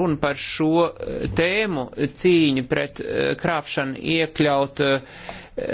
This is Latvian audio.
runa par šo eh, tēmu cīņu pret eh, krāpšanu iekļaut eh,